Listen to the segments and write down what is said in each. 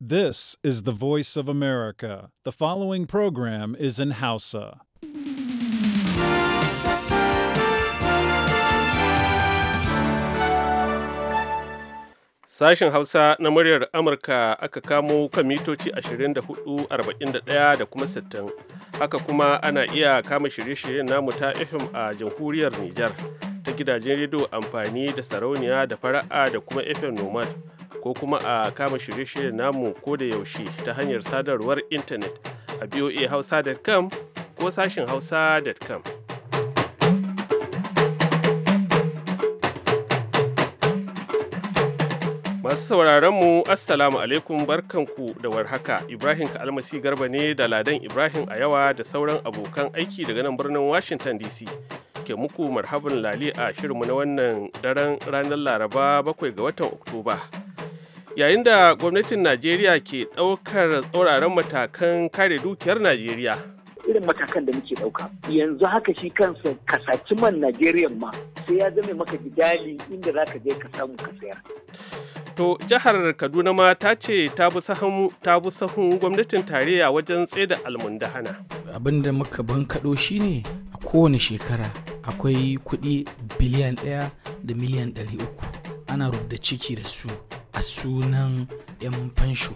This is the voice of America. The following program is in Hausa. Sashen Hausa na muryar Amurka aka kamo kan mitoci 24,41 da kuma 60. Haka kuma ana iya kama shirye-shiryen namu ta FM a jamhuriyar Nijar ta gidajen rediyo amfani da sarauniya da fara'a da kuma FM Nomad. ko kuma a kama shirye-shiryen namu ko da yaushe ta hanyar sadarwar intanet a boahausa.com ko sashin hausa.com. Masu sauraron mu Assalamu alaikum barkanku da warhaka Ibrahim Kalmasi Garba ne da Ladan Ibrahim a yawa da sauran abokan aiki daga nan birnin Washington DC. Ke muku marhaban lali a shirinmu na wannan daren ranar Laraba bakwai ga watan Oktoba. yayin da gwamnatin najeriya ke ɗaukar tsauraran matakan kare dukiyar najeriya irin matakan da muke ɗauka yanzu haka shi kansa kasaci man najeriya ma sai ya zame maka gidali inda za ka je ka samu ka sayar to jihar kaduna ma ta ce ta bi sahun gwamnatin tarayya wajen tsaida almundahana abin da muka bankaɗo shine a kowane shekara akwai kuɗi biliyan ɗaya da miliyan ɗari uku ana rubda ciki da su a sunan 'yan fansho.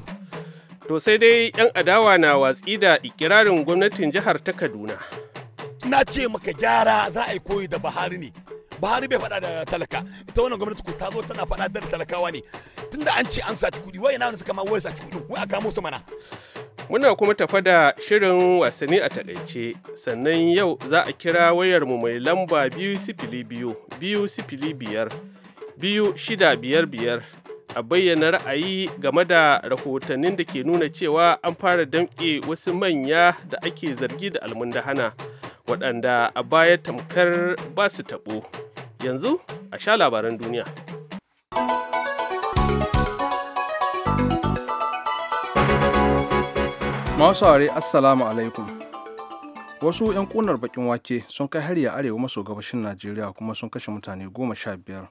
To sai dai 'yan adawa na watsi da ikirarin gwamnatin jihar ta Kaduna. Na ce maka gyara za a yi koyi da Buhari ne. Buhari bai faɗa da talaka. Ita wannan gwamnati ko ta zo tana faɗa da talakawa ne. Tunda an ce an saci kuɗi, wai na suka ma wai saci kuɗi, wai a kamo su mana. Muna kuma tafa da shirin wasanni a takaice, sannan yau za a kira wayarmu mai lamba biyu sifili biyu, biyu sifili biyar, biyu shida biyar biyar a bayyana ra'ayi game da rahotannin da ke nuna cewa an fara damƙe wasu manya da ake zargi da almundahana waɗanda a baya tamkar ba su taɓo yanzu a sha labaran duniya masu are assalamu alaikum wasu 'yan kunar bakin wake sun kai hari a arewa maso gabashin najeriya kuma sun kashe mutane goma sha biyar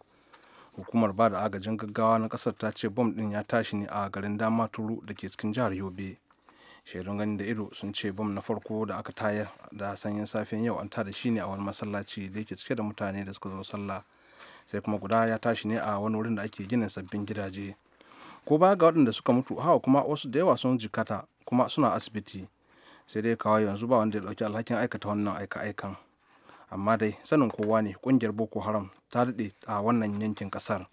hukumar ba da agajin gaggawa na kasar ta ce bom din ya tashi ne a garin dama turu da ke cikin jihar yobe shaidun gani da ido sun ce bom na farko da aka tayar da sanyin safiyan yau an tada shi ne a wani masallaci da ke cike da mutane da suka zo sallah sai kuma guda ya tashi ne a wani wurin da ake ginin sabbin gidaje ko ba ga waɗanda suka mutu hawa kuma wasu da yawa sun jikata kuma suna asibiti sai dai kawai yanzu ba wanda ya ɗauki alhakin aikata wannan aika-aikan amma dai sanin kowa ne kungiyar boko haram ta daɗe a wannan yankin ƙasar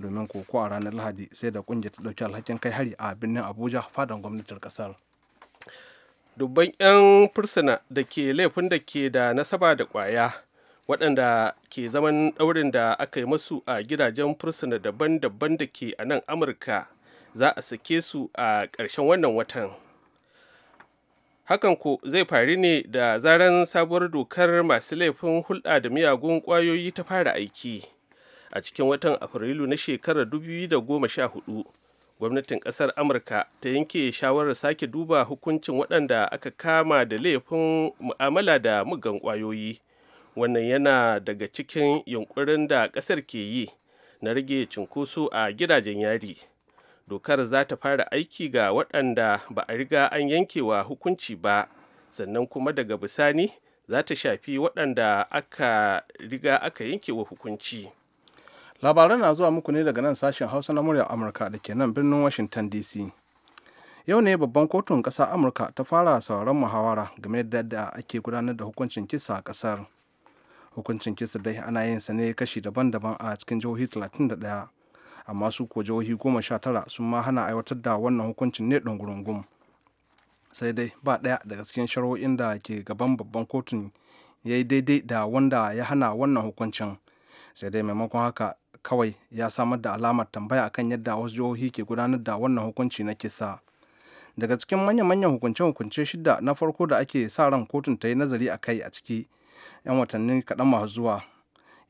domin koko a ranar lahadi sai da kungiyar ta ɗauki alhakin kai hari a birnin abuja fadan gwamnatin ƙasar dubban 'yan fursuna da ke laifin da ke da nasaba da kwaya waɗanda ke zaman ɗaurin da aka yi masu a gidajen fursuna daban-daban da ke a nan amurka za a sake su a ƙarshen wannan watan hakan ku zai faru ne da zaran sabuwar dokar masu laifin hulɗa da miyagun ƙwayoyi ta fara aiki a cikin watan afrilu na shekarar 2014 gwamnatin ƙasar amurka ta yanke shawarar sake duba hukuncin waɗanda aka kama da laifin mu'amala da mugan ƙwayoyi wannan yana daga cikin yunkurin da ƙasar ke yi na rage cunkoso a gidajen yari dokar za ta fara aiki ga waɗanda ba a riga an yankewa hukunci ba sannan kuma daga bisani za ta shafi waɗanda aka riga aka yankewa hukunci labaran na zuwa muku ne daga nan sashen hausa na murya amurka da ke nan birnin washington dc yau ne babban kotun ƙasa amurka ta fara sauraron muhawara game da yadda ake gudanar da hukuncin kisa a ƙasar hukuncin kisa dai ana yin sa ne kashi daban-daban a cikin jihohi 31 amma su ko jihohi goma sha tara sun ma hana aiwatar da wannan hukuncin ne ɗungurungun sai dai ba ɗaya daga cikin shari'o'in da ke gaban babban kotun ya yi daidai da wanda ya hana wannan hukuncin sai dai maimakon haka kawai ya samar da alamar tambaya akan yadda wasu jihohi ke gudanar da wannan hukunci na kisa daga cikin manya-manyan hukunce-hukunce shida na farko da ake sa ran kotun ta yi nazari a kai a ciki 'yan watanni kaɗan masu zuwa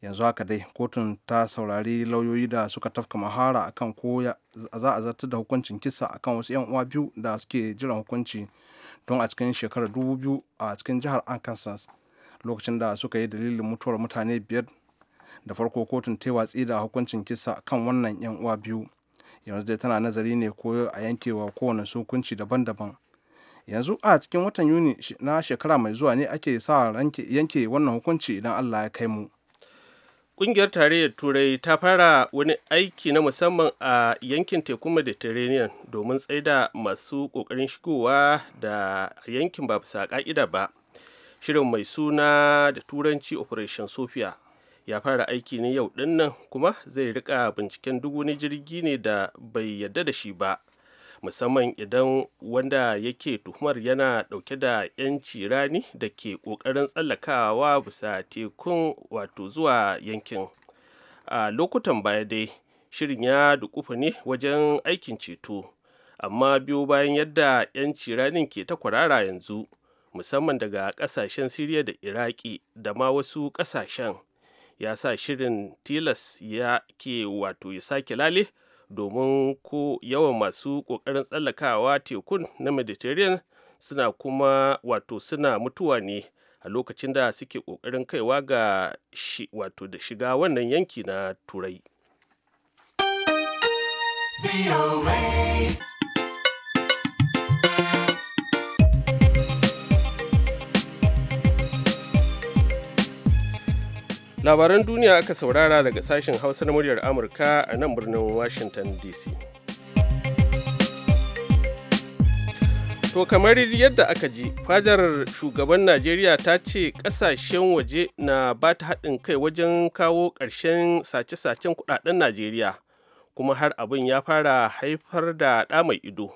yanzu haka dai kotun ta saurari lauyoyi da suka tafka mahara akan ko za a zartar da hukuncin kisa akan wasu yan uwa biyu da suke jiran hukunci don a cikin shekarar dubu biyu a cikin jihar arkansas lokacin da suka yi dalilin mutuwar mutane biyar da farko kotun ta watsi da hukuncin kisa kan wannan yan uwa biyu yanzu dai tana nazari ne ko a yankewa kowane su hukunci daban-daban yanzu a cikin watan yuni na shekara mai zuwa ne ake sa yanke wannan hukunci idan allah ya kai mu kungiyar tarayyar turai ta fara wani aiki na musamman a yankin tekun mediterranean domin tsaida masu kokarin shigowa da yankin babu bisa ka'ida ba shirin mai suna da turanci operation sofia ya fara aiki ne yau dinnan kuma zai rika binciken duk wani jirgi ne da bai yadda da shi ba musamman idan wanda yake tuhumar yana dauke da 'yanci rani da ke kokarin tsallakawa bisa tekun wato zuwa yankin a lokutan baya dai shirin ya dukufa ne wajen aikin ceto amma biyo bayan yadda 'yanci ranin ke ta kwarara yanzu musamman daga kasashen siriya da iraki da ma wasu kasashen ya sa shirin tilas ya ke wato ya sake lale domin ko yawan masu ƙoƙarin tsallakawa tekun na mediterranean suna kuma wato suna mutuwa ne a lokacin da suke ƙoƙarin kaiwa ga wato da shiga wannan yanki na turai. labaran duniya aka saurara daga sashen hausa na muryar amurka a nan birnin washington dc to kamar yadda aka ji fadar shugaban najeriya ta ce kasashen waje na ba ta haɗin kai wajen kawo ƙarshen sace-sacen kuɗaɗen najeriya kuma har abin ya fara haifar da ɗa mai ido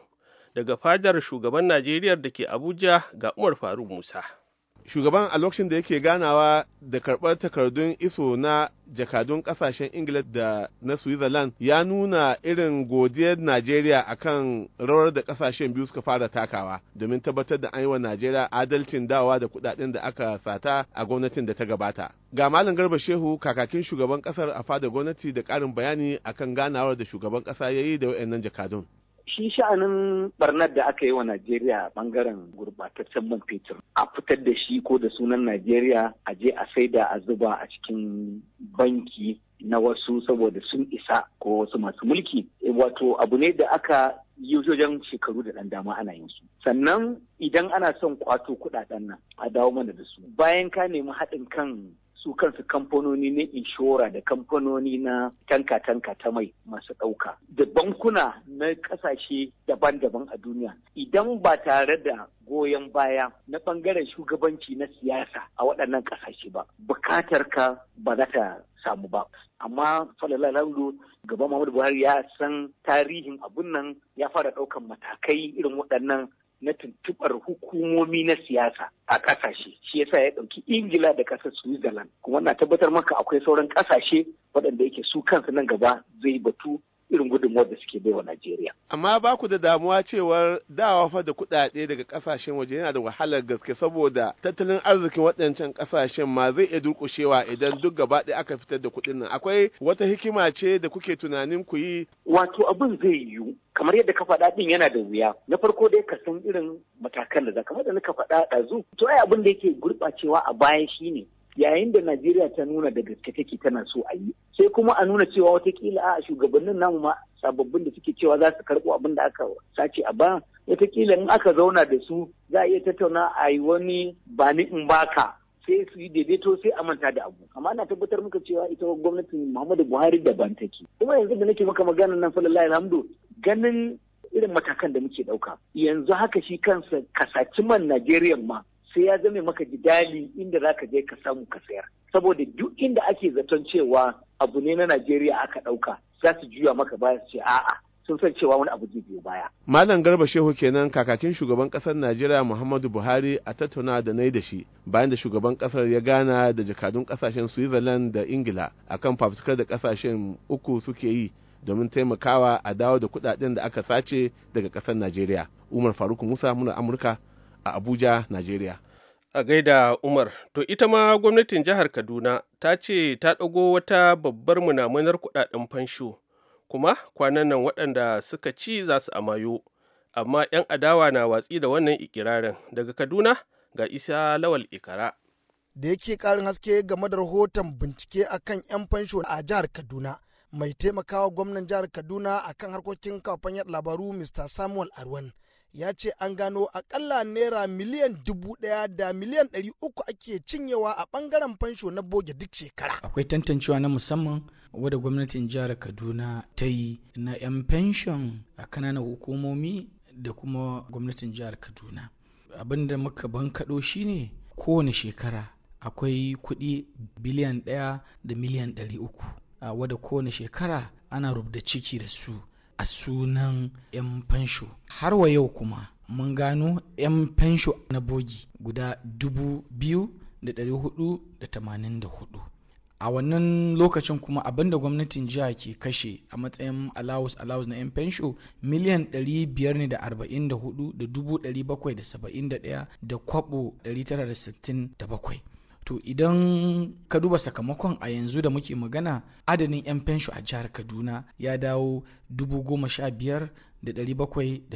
daga fadar shugaban najeriya da ke abuja ga umar faruk musa shugaban a lokacin da yake ganawa da karɓar takardun iso na jakadun ƙasashen ingila da na switzerland ya nuna irin godiyar najeriya akan rawar da ƙasashen biyu suka fara takawa domin tabbatar da an yi wa najeriya adalcin dawa da kuɗaɗen da aka sata a gwamnatin da ta gabata ga malam garba shehu kakakin shugaban ƙasar a fada gwamnati da ƙarin bayani akan ganawar da shugaban ƙasa ya yi da waɗannan jakadun shi sha'anin barnar da aka yi wa Najeriya bangaren gurbataccen man fetur a fitar da shi ko da sunan Najeriya a je a saida a zuba a cikin banki na wasu saboda sun isa ko wasu masu mulki eh, wato abu ne da aka yi wajen shekaru da ɗan dama ana yin su sannan idan ana son kwato kuɗaɗen nan a dawo mana da su bayan ka nemi haɗin kan su kansu kamfanoni na inshora da kamfanoni na tanka-tanka ta mai masu ɗauka da bankuna na ƙasashe daban-daban a duniya idan ba tare da goyon baya na ɓangaren shugabanci na siyasa a waɗannan ƙasashe ba bukatar ka ba za ta samu ba amma falalalalu gaba muhammadu buhari ya san tarihin abun nan ya fara ɗaukan matakai irin waɗannan na tuntubar hukumomi na siyasa a ƙasashe shi yasa ya ɗauki ingila da ƙasar switzerland kuma na tabbatar maka akwai sauran ƙasashe waɗanda yake su kansu nan gaba zai batu irin gudunmuwar da suke baiwa Najeriya. Amma ba ku da damuwa cewar dawa fa da kuɗaɗe daga ƙasashen waje yana da wahalar gaske saboda tattalin arzikin waɗancan ƙasashen ma zai iya durƙushewa idan duk gaba ɗaya aka fitar da kuɗin nan. Akwai wata hikima ce da kuke tunanin ku yi? Wato abin zai yiwu kamar yadda ka faɗa ɗin yana da wuya. Na farko dai ka san irin matakan da za kamar da ka faɗa ɗazu. To ai abin da yake gurɓacewa a baya ne? yayin da Najeriya ta nuna da gaske take tana so a yi sai kuma a nuna cewa watakila a shugabannin namu ma sababbin da suke cewa za su karɓo abin da aka sace a ba watakila in aka zauna da su za a iya tattauna a yi wani ba ni in baka sai su yi daidaito sai a manta da abu amma ana tabbatar muka cewa ita gwamnatin Muhammadu Buhari da ban take kuma yanzu da nake maka magana nan falallahi alhamdu ganin irin matakan da muke ɗauka yanzu haka shi kansa man Najeriya ma sai ya zame maka jidali inda za ka je ka samu ka sayar saboda duk inda ake zaton cewa abu ne na najeriya aka ɗauka za su juya maka baya su ce a'a sun san cewa wani abu zai biyo baya. Malam Garba Shehu kenan kakakin shugaban kasar Najeriya Muhammadu Buhari a tattauna da nai da shi bayan da shugaban kasar ya gana da jakadun kasashen Switzerland da Ingila akan fafutukar da kasashen uku suke yi domin taimakawa a dawo da kudaden da aka sace daga kasar Najeriya. Umar Faruk Musa muna Amurka a Abuja, Najeriya. a gaida umar to ita ma gwamnatin jihar kaduna ta ce ta ɗago wata babbar munamunar kuɗaɗen fansho kuma kwanan nan waɗanda suka ci za su amayo amma 'yan adawa na watsi da wannan ikirarin daga kaduna ga isa lawal ikara da yake ƙarin haske game da rahoton bincike akan 'yan fansho a jihar kaduna mai taimakawa gwamnan jihar kaduna a kan harkokin kafan labaru mr samuel arwan ya ce an gano akalla naira miliyan dubu ɗaya da miliyan ɗari uku ake cinyewa a ɓangaren fansho na boge duk shekara. Akwai tantancewa na musamman wadda gwamnatin jihar Kaduna ta yi na 'yan fenshon a kananan hukumomi da kuma gwamnatin jihar Kaduna. Abin da muka bankaɗo shine kowane shekara akwai kuɗi biliyan ɗaya da miliyan ɗari uku. wadda kowane shekara ana rubda ciki da su a sunan 'yan fansho har wa yau kuma mun gano 'yan fansho na bogi guda 2,484 a wannan lokacin kuma abinda gwamnatin jiha ke kashe a matsayin alawus alawus na 'yan fansho miliyan 544,771 da kwabo 967 to idan ka duba sakamakon a yanzu da muke magana adadin 'yan fensho a jihar kaduna ya dawo 15,781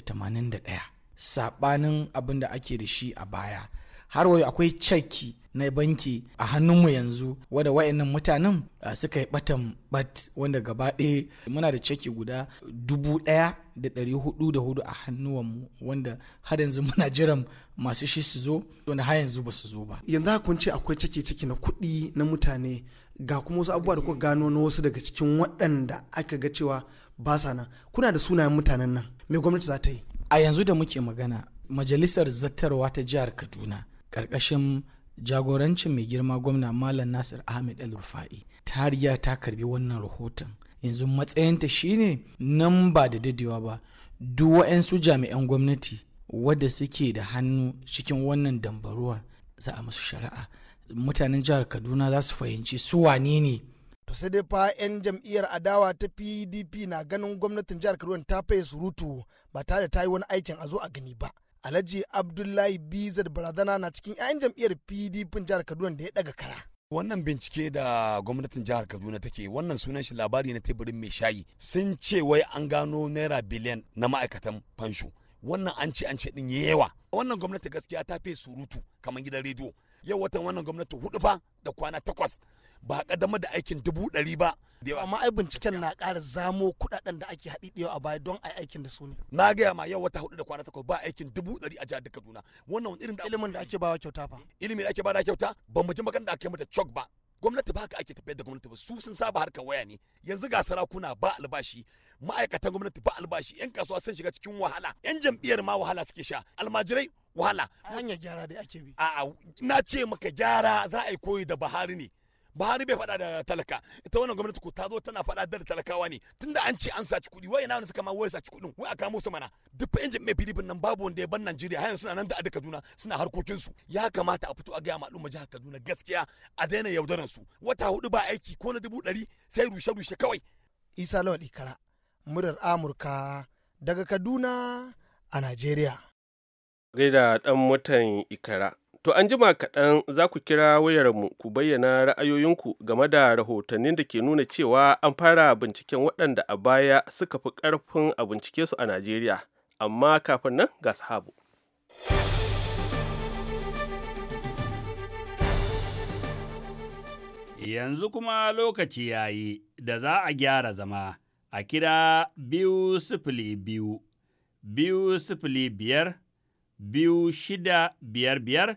saɓanin abin da ake da shi a baya har wayo akwai ceki na banki a hannunmu yanzu wadda wayannan mutanen suka yi batan bat wanda gaba ɗaya muna da ceki guda dubu ɗaya da ɗari hudu da hudu a hannuwanmu wanda har yanzu muna jiran masu shi su zo wanda har yanzu ba su zo ba yanzu kun ce akwai ceki ceki na kuɗi na mutane ga kuma wasu abubuwa da kuka gano na wasu daga cikin waɗanda aka ga cewa ba sa nan kuna da sunayen mutanen nan me gwamnati za ta yi a yanzu da muke magana majalisar zattarwa ta jihar kaduna karkashin jagorancin mai girma gwamna malam nasir ahmed al rufai tariya ta karbi wannan rahoton yanzu matsayinta shine nan ba da dadewa ba duk wa'yansu jami'an gwamnati wadda suke da hannu cikin wannan dambaruwar za a musu shari'a mutanen jihar kaduna za su fahimci su wane ne to sai dai fa 'yan jam'iyyar adawa ta pdp na ganin gwamnatin jihar kaduna ta faye surutu ba tare da ta yi wani aikin a zo a gani ba Alhaji Abdullahi Bizar Barazana na cikin 'ya'yan jam'iyyar PDP jihar Kaduna da ya daga kara. wannan bincike da gwamnatin jihar kaduna take wannan sunan shi labari na teburin mai shayi sun ce wai an gano naira biliyan na ma'aikatan fansho wannan an ce an ce din yawa wannan gwamnati gaskiya ta fi surutu kamar gidan rediyo yau watan wannan gwamnati hudu fa da kwana takwas ba kadama da aikin dubu ɗari ba amma ai binciken na ƙara zamo kuɗaɗen da ake haɗiɗewa a baya don a aikin da su ne na gaya ma yau wata hudu da kwana takwas ba aikin dubu ɗari a jihar kaduna wannan wani irin da ilimin da ake bawa kyauta fa ilimin da ake bawa kyauta ba mu ji magana da ake mata cok ba gwamnati ba haka ake tafiyar da gwamnati ba su sun saba harkar waya ne yanzu ga sarakuna ba albashi ma'aikatan gwamnati ba albashi yan kasuwa sun shiga cikin wahala yan jam'iyyar ma wahala suke sha almajirai wahala hanyar gyara da ake bi a'a na ce maka gyara za a yi koyi da bahari ne Buhari bai faɗa da talaka ita wannan gwamnati ko ta zo tana faɗa da talakawa ne tunda an ce an saci kuɗi wai ne suka ma wai saci kuɗin wai a kamo mana duk fa injin mai nan babu wanda ya bar Najeriya hayan suna nan da Kaduna suna harkokin su ya kamata a fito a ga al'umma jihar Kaduna gaskiya a daina yaudaran su wata hudu ba aiki ko na dubu ɗari sai rushe rushe kawai Isa Lawal Ikara murar Amurka daga Kaduna a Najeriya gaida dan watan Ikara To an jima kaɗan za ku kira wayarmu ku bayyana ra'ayoyinku game da rahotannin da ke nuna cewa an fara binciken waɗanda a baya suka fi ƙarfin a bincike su a Najeriya. Amma kafin nan ga sahabu. Yanzu kuma lokaci ya yi da za a gyara zama a kira biyu sifili biyu, biyu sifili biyar, biyu shida biyar biyar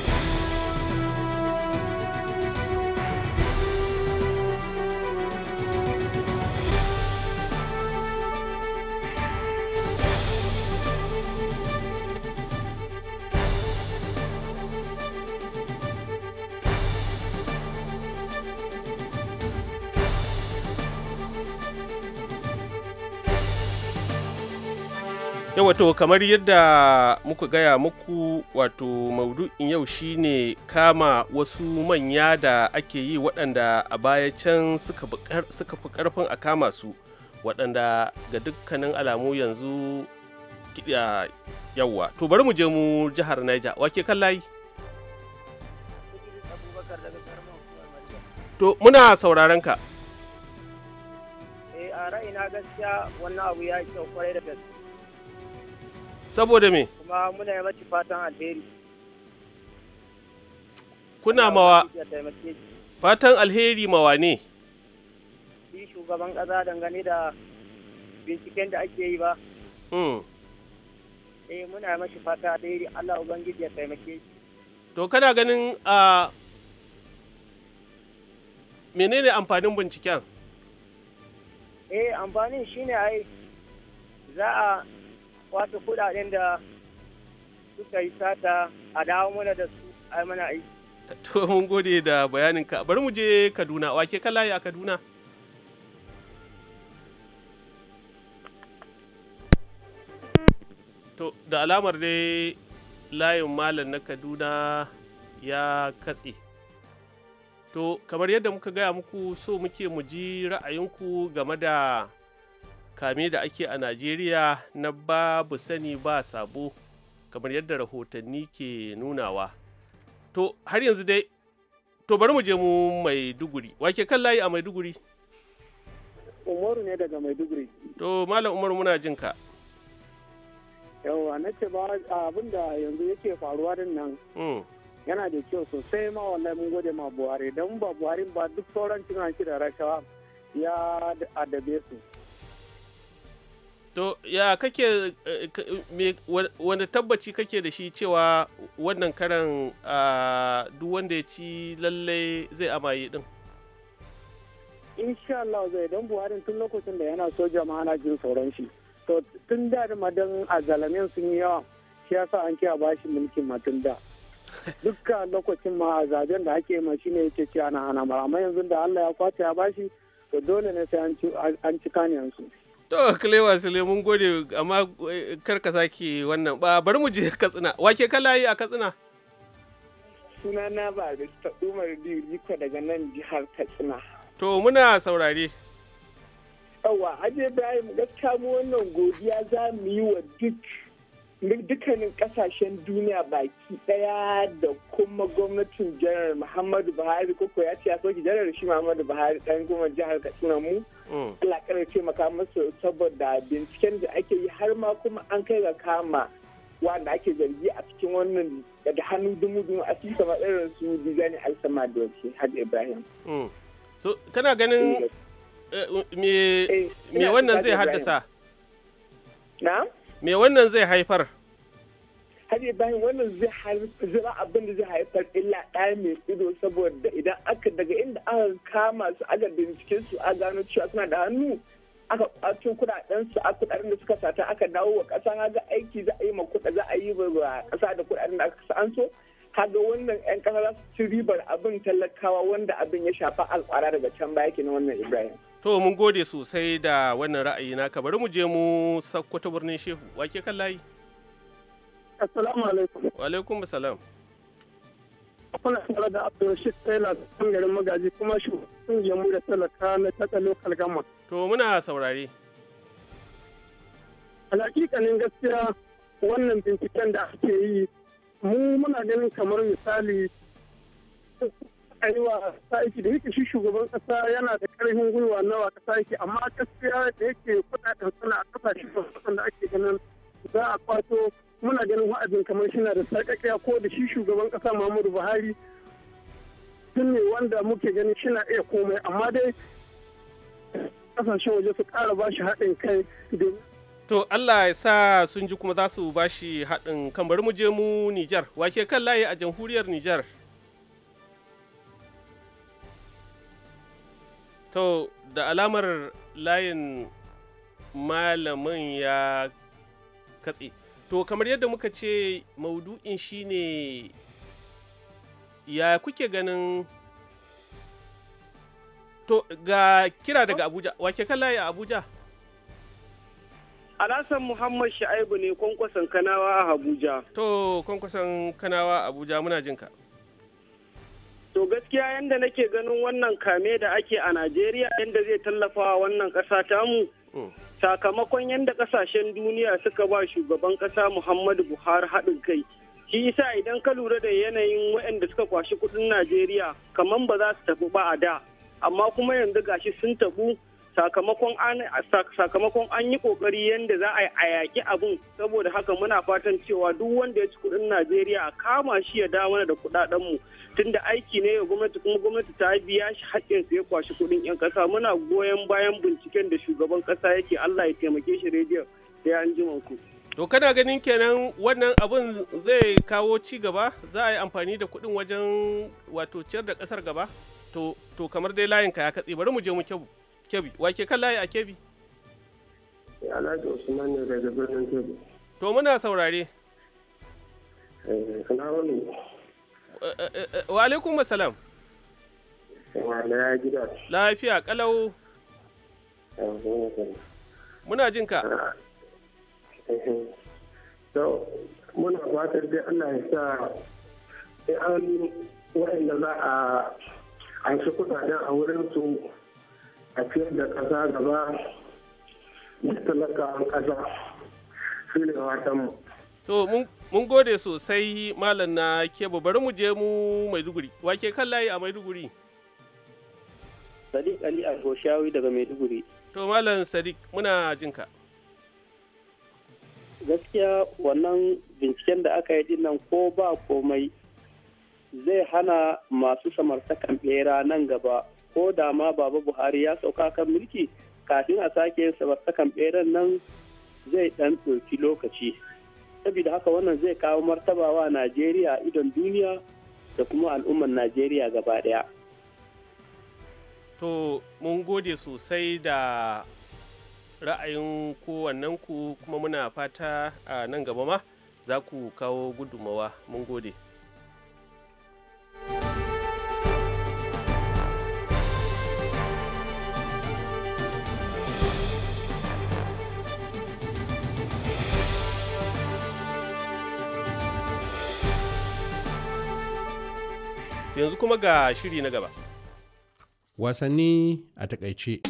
wato kamar yadda muka gaya muku wato maudu'in yau shine kama wasu manya da ake yi waɗanda a baya can suka fi ƙarfin a kama su waɗanda ga dukkanin alamu yanzu kiɗa yawa to bari mu je mu jihar Niger wake kan layi to muna sauraron ka eh a ra'ina gaskiya wannan abu ya kyau kwarai da gaske saboda me kuma muna yi mace fatan alheri kuna mawa fatan alheri mawa ne shi shugaban ƙasa dangane da binciken da ake yi ba hmm. eh muna yi mashi fata alheri Allah ubangiji ya taimake shi to kana ganin a menene amfanin binciken eh amfanin shine ai za a wato kudaden da suka yi sata a dawo mana da su a mana aiki. To mun gode da bayanin ka bari mu je Kaduna wake layi a Kaduna. To da alamar dai layin malam na Kaduna ya katse. To kamar yadda muka gaya muku so muke mu ji ra'ayinku game da kame da ake a najeriya na babu sani ba sabo kamar yadda rahotanni ke nunawa to har yanzu dai to bari mu je mu maiduguri wake kan layi a maiduguri umaru ne daga maiduguri to malam umaru muna jin ka Yau, na ce ba abin da yanzu yake faruwa din nan hmm. yana da kyau sosai ma wallahi mun gode ma buhari don ba buhari ba duk sauran cin hanci da rashawa ya adabe su To ya kake eh, wani tabbaci kake da shi cewa wannan karan ah, duk wanda ya ci lallai zai amaye din? Insha Allah zai don Buhari tun lokacin da yana soja ma ana jin sauran shi. To tun da da madan a sun yi yawa shi yasa an kiya ba shi mulkin matun da. dukkan lokacin ma a da ake ma shine yake ci ana ana amma yanzu da Allah ya kwace ya bashi to dole ne sai an ci kaniyansu. To Kalewa Sule mun gode amma eh, karka sake wannan ba bari mu je Katsina. Wake kalayi a Katsina? Sunana ba ta Umar Diko daga nan jihar Katsina. To muna saurare. Yawa, Aje Ibrahim gaskiya mu wannan godiya za mu yi wa duk dukkanin kasashen duniya baki daya da kuma gwamnatin janar muhammadu buhari koko ya ce ya soke janar shi muhammadu buhari dan goma jihar katsina mu mm. alakar taimaka masu saboda binciken da ake yi har ma kuma an kai ga kama wanda ake zargi a cikin wannan da hannu dumu-dumu a cikin sama irin su dizani alsama da wasu hajji ibrahim mm. so kana ganin eh. Eh, me eh, wannan zai haddasa na me wannan zai haifar har bayan wannan zai haifar abin da zai haifar illa ɗaya mai ido saboda idan aka daga inda aka kama su aka bincike su a gano cewa suna da hannu aka kwato kudaden su a kudaden da suka sata aka dawo wa ƙasa ga aiki za a yi ma kuɗa za a yi wa ƙasa da kudaden da aka an so kaga wannan yan ƙasa za su ci ribar abin talakawa wanda abin ya shafa alƙwara daga can baya kenan wannan ibrahim to mun gode sosai da wannan ra'ayi naka bari mu je mu sakko ta birnin shehu wake kan layi assalamu alaikum wa alaikum assalam kuna tare da abdulrashid taylor kan garin magaji kuma shugaban mu da talaka na taka local gama to muna saurare alhakikanin gaskiya wannan binciken da ake yi mu muna ganin kamar misali aiwa kasa yake da yake shi shugaban kasa yana da karfin gwiwa nawa kasa yake amma gaskiya da yake kudaden suna a kasashe da ake ganin za a kwato muna ganin wa'azin kamar shina da sarƙaƙiya ko da shi shugaban kasa Muhammadu Buhari sun ne wanda muke ganin shina iya komai amma dai kasashen waje su kara ba shi haɗin kai domin To Allah ya sa sun ji kuma za su bashi haɗin kan bari mu je mu Nijar. Wake kan layi a jamhuriyar Nijar. to da alamar layin malamin ya katse to kamar yadda muka ce maudu'in shine ya kuke ganin to ga kira daga abuja wake kan layi a abuja alasan Muhammad Sha'ibu ne kwankwason kanawa a Abuja. To, kwankwason kanawa a Abuja muna jinka. To gaskiya yadda nake ganin wannan kame da ake a Najeriya yadda zai tallafa wannan ƙasa tamu. Hmm. Sakamakon yadda ƙasashen duniya suka ba shugaban ƙasa Muhammadu Buhari haɗin kai. Shi isa idan ka lura da yanayin waɗanda suka kwashi kuɗin Najeriya kamar ba za su tafi ba a da. Amma kuma yanzu gashi sun tafi sakamakon an sakamakon an yi kokari yadda za a yi a yaki abun saboda haka muna fatan cewa duk wanda ya ci kudin Najeriya a kama shi ya dawo mana da kudaden mu tunda aiki ne ga gwamnati kuma gwamnati ta biya shi haƙƙin sa ya kwashi kudin yan kasa muna goyon bayan binciken da shugaban kasa yake Allah ya taimake shi rediyo sai an ji ku to kana ganin kenan wannan abun zai kawo ci gaba za a yi amfani da kudin wajen wato ciyar da kasar gaba to to kamar dai layin ka ya katse bari mu je mu kyau kebi Wa ke kan layi a kebi eh, Alhaji Usman ne daga birnin kebi? To muna saurare. Eh, eh, wa alaikum salam. gida. Lafiya kalau. Muna jin ka. muna fatar dai Allah ya sa in an wa'anda za a an shi kudaden a wurin su a fiye da ƙasa gaba da talakawan ƙasa su ne watanmu. To mun gode sosai malam na kebo bari mu je mu Maiduguri. wa ke kan layi a Maiduguri? Sadiq Ali Alhoshawi daga Maiduguri. To malam Sadiq muna jinka. Gaskiya wannan binciken da aka yi dinnan ko ba komai zai hana masu samartakan bera nan gaba ko da ma baba buhari ya sauka kan mulki kafin a sake sabartakan beren nan zai dan ɗauki lokaci saboda haka wannan zai kawo martaba wa najeriya idon duniya da kuma al'ummar najeriya gaba ɗaya to mun gode sosai da ra'ayin kowannen ku kuma muna fata a nan gaba ma za ku kawo gudummawa mun gode. yanzu kuma ga shiri na gaba wasanni a takaice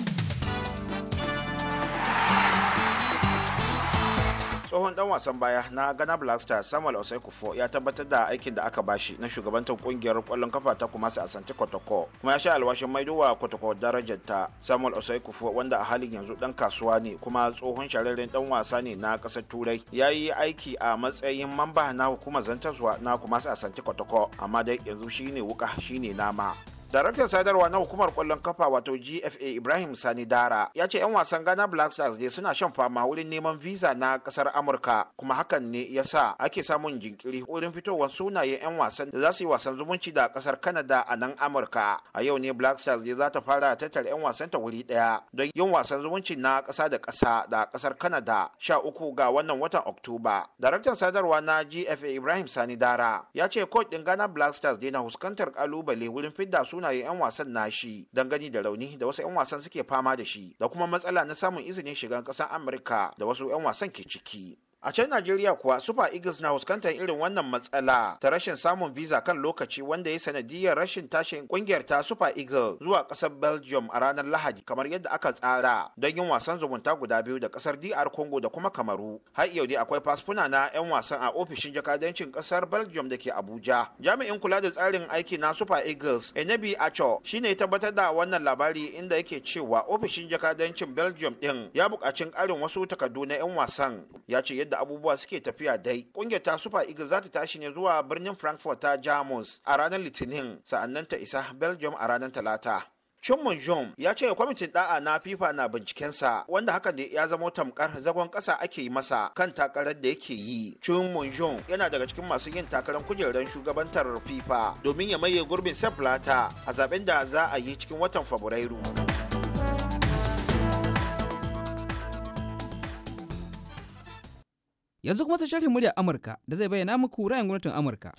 tsohon dan wasan baya na Ghana Black Stars Samuel Osaikufo ya tabbatar da aikin da aka bashi na shugabantar kungiyar kwallon kafa ta kuma Asante Kotoko kuma ya sha alwashin maiduwa Kotoko darajar ta Samuel Osaikufo wanda a halin yanzu dan kasuwa ne kuma tsohon shararren dan wasa ne na kasar Turai ya yi aiki a matsayin mamba na hukumar zantarwa na kuma Asante Kotoko amma dai yanzu shine wuka shine nama daraktan sadarwa na hukumar kwallon kafa wato gfa ibrahim sani dara ya ce 'yan wasan ghana black stars ne suna shan fama wurin neman visa na kasar amurka kuma hakan ne ya sa ake samun jinkiri wurin fitowar sunayen 'yan wasan da za su yi wasan zumunci da kasar canada a nan amurka a yau ne black stars ne za ta fara tattara 'yan wasan ta wuri ɗaya don yin wasan zumunci na kasa da kasa da kasar canada sha uku ga wannan watan oktoba daraktan sadarwa na gfa ibrahim sani dara ya ce kot din ghana black stars ne na huskantar kalubale wurin fidda su sunayen 'yan wasan nashi don gani da rauni da wasu 'yan wasan suke fama da shi da kuma matsala na samun izinin shigan ƙasar amurka da wasu 'yan wasan ke ciki A can Najeriya kuwa Super Eagles na fuskantar irin wannan matsala ta rashin samun visa kan lokaci wanda ya sanadiyar rashin tashin kungiyar ta Super Eagles zuwa kasar Belgium a ranar Lahadi kamar yadda aka tsara don yin wasan zumunta guda biyu da kasar DR Congo da kuma Kamaru. Har yau dai akwai fasfuna na 'yan wasan a ofishin jakadancin kasar Belgium da ke Abuja. Jami'in kula da tsarin aiki na Super Eagles Enebi Acho shine ya tabbatar da wannan labari inda yake cewa ofishin jakadancin Belgium din ya buƙaci ƙarin wasu takardu na 'yan wasan. Ya ce yadda abubuwa suke tafiya dai kungiyar ta super eagles za ta tashi ne zuwa birnin frankfurt ta jamus a ranar litinin sa'annan ta isa belgium a ranar talata Chun Jom ya ce kwamitin da'a na FIFA na bincikensa wanda hakan da ya zama tamkar zagon kasa ake yi masa kan takarar da yake yi. Chun Jom yana daga cikin masu yin takarar kujerar shugabantar FIFA domin ya maye gurbin Sepp a zaben da za a yi cikin watan Fabrairu. Yanzu kuma sai sharhin muryar Amurka da zai bayyana muku ra'ayin gwamnatin Amurka.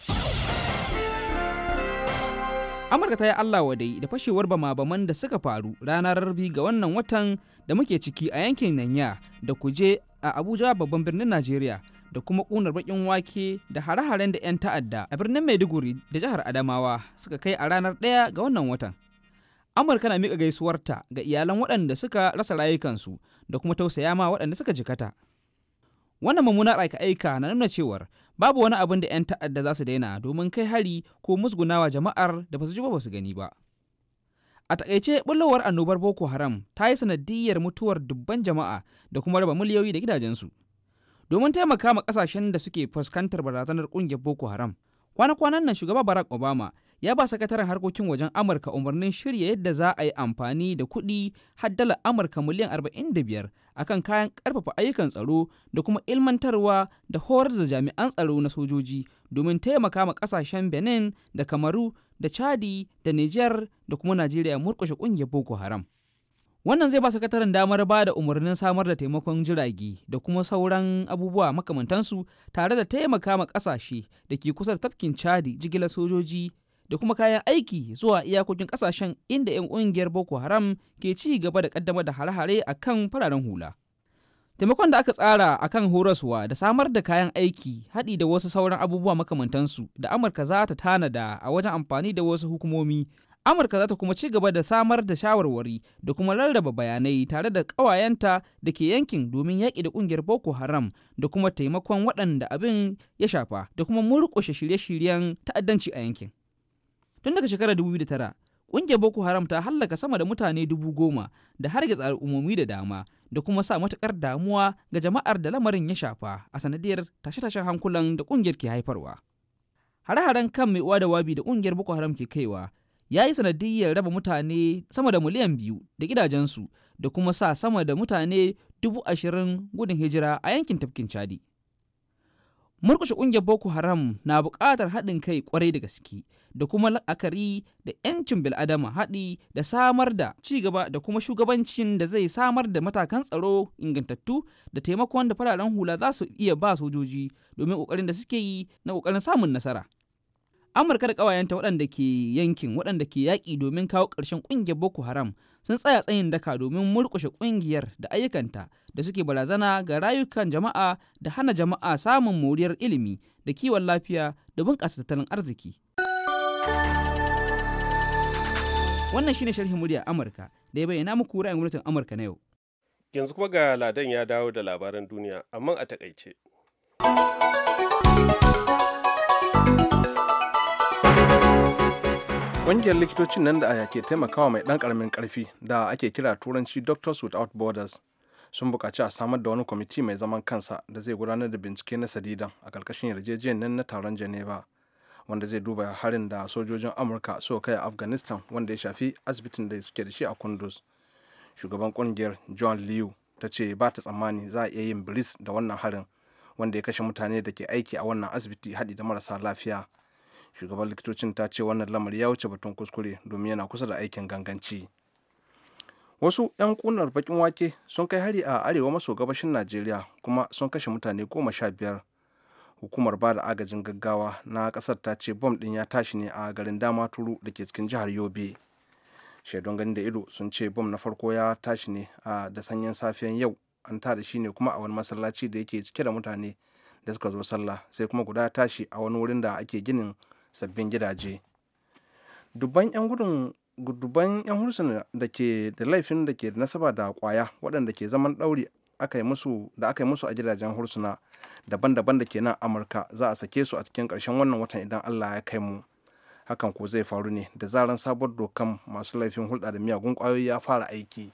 Amurka ta yi Allah wadai da fashewar bama-baman da suka faru ranar Rabi ga wannan watan da muke ciki a yankin Nanya da Kuje a Abuja babban birnin Najeriya da kuma ƙunar bakin wake da hare-haren da 'yan ta'adda a birnin Maiduguri da jihar Adamawa suka kai a ranar ɗaya ga wannan watan. amurka na miƙa gaisuwarta ga iyalan waɗanda suka rasa rayukansu da kuma tausaya ma waɗanda suka jikata wannan mummunar aika-aika na nuna cewar babu wani abin da 'yan ta'adda za su daina domin kai hari ko musgunawa jama'ar da ba su ji ba su gani ba a takaice bullowar annobar boko haram ta yi sanadiyyar mutuwar dubban jama'a da kuma raba miliyoyi da gidajensu domin taimaka ma kasashen da suke fuskantar barazanar kungiyar boko haram kwana-kwanan nan shugaba barack obama ya ba sakataren harkokin wajen amurka umarnin shirya yadda za a yi amfani da kuɗi har dala amurka miliyan 45 akan kayan karfafa ayyukan tsaro da kuma ilmantarwa da horar da jami'an tsaro na sojoji domin taimaka ma ƙasashen benin da kamaru da chadi da niger da kuma najeriya murkushe ƙungiyar boko haram wannan zai ba sakataren damar ba da umarnin samar da taimakon jirage da kuma sauran abubuwa makamantansu tare da taimaka ma kasashe da ke kusa tafkin chadi jigilar sojoji da kuma kayan aiki zuwa iyakokin kasashen inda 'yan ƙungiyar boko haram ke ci gaba da kaddamar da hare-hare a kan fararen hula taimakon da aka tsara a kan horaswa da samar da kayan aiki haɗi da wasu sauran abubuwa makamantansu da amurka za ta tanada a wajen amfani da wasu hukumomi amurka za ta kuma ci gaba da samar da shawarwari da kuma lallaba bayanai tare da kawayenta da ke yankin domin yaƙi da ƙungiyar boko haram da kuma taimakon waɗanda abin ya shafa da kuma murƙushe shirye-shiryen ta'addanci a yankin tun daga shekarar 2009 ƙungiyar boko haram ta hallaka sama da mutane dubu goma da hargitsa al'ummomi da dama da kuma sa matuƙar damuwa ga jama'ar da lamarin ya shafa a sanadiyar tashe-tashen hankulan da ƙungiyar ke haifarwa hare-haren kan mai uwa da wabi da ƙungiyar boko haram ke kaiwa ya yi sanadiyyar raba mutane sama da miliyan biyu da gidajensu da kuma sa sama da mutane dubu ashirin gudun hijira a yankin tafkin chadi murkushe ƙungiyar boko haram na buƙatar haɗin kai kwarai da gaske da kuma la'akari da 'yancin bil'adama haɗi da samar da ci da kuma shugabancin da zai samar da matakan tsaro ingantattu da taimakon da fararen hula za su iya ba sojoji domin ƙoƙarin da suke yi na ƙoƙarin samun nasara amurka da kawayenta waɗanda ke yankin waɗanda ke yaƙi domin kawo ƙarshen ƙungiyar boko haram sun tsaya tsayin daka domin murƙushe ƙungiyar da ayyukanta da suke barazana ga rayukan jama'a da hana jama'a samun moriyar ilimi da kiwon lafiya da bunƙasa tattalin arziki wannan shine sharhin murya amurka da ya bayyana muku ra'ayin gwamnatin amurka na yau yanzu kuma ga ladan ya dawo da labaran duniya amma a takaice Ƙungiyar likitocin nan da aya ke taimakawa mai ɗan ƙaramin ƙarfi da ake kira turanci Doctors Without Borders sun buƙaci a samar da wani kwamiti mai zaman kansa da zai gudanar da bincike na sadidan a ƙarƙashin yarjejeniyar na taron Geneva wanda zai duba harin da sojojin Amurka suka kai a Afghanistan wanda ya shafi asibitin da suke da shi a kundus Shugaban ƙungiyar John Liu ta ce ba ta tsammani za a iya yin biris da wannan harin wanda ya kashe mutane da ke aiki a wannan asibiti haɗi da marasa lafiya. shugaban likitocin ta ce wannan lamari ya wuce batun kuskure domin yana kusa da aikin ganganci wasu 'yan kunar bakin wake sun kai hari a arewa maso gabashin najeriya kuma sun kashe mutane goma sha biyar hukumar ba da agajin gaggawa na kasar ta ce bom din ya tashi ne a garin dama turu da ke cikin jihar yobe shaidun gani da ido sun ce bom na farko ya tashi ne a da sanyin safiyan yau an tada shi ne kuma a wani masallaci da yake cike da mutane da suka zo sallah sai kuma guda tashi a wani wurin da ake ginin sabbin gidaje dubban 'yan gudun dubban 'yan hursun da ke da laifin da ke da nasaba da kwaya waɗanda ke zaman ɗauri da aka yi musu a gidajen hursuna daban-daban da ke nan amurka za a sake su a cikin ƙarshen wannan watan idan allah ya kai mu hakan ko zai faru ne da zaran sabuwar dokan masu laifin hulɗa da miyagun ƙwayoyi ya fara aiki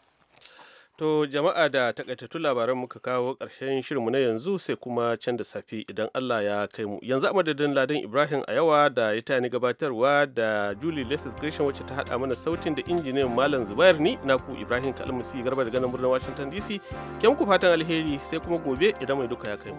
To jama'a da takaitattun labaran muka kawo ƙarshen shirinmu na yanzu sai kuma can da safi idan Allah ya kai mu. Yanzu a madadin Ladan Ibrahim a yawa da ya tani gabatarwa da Julie Lethis Gresham wacce ta haɗa mana sautin da injiniyan Malam Zubair ni ku Ibrahim Kalmasi Garba da ganin birnin Washington DC. Kyan ku fatan alheri sai kuma gobe idan mai duka ya kai mu.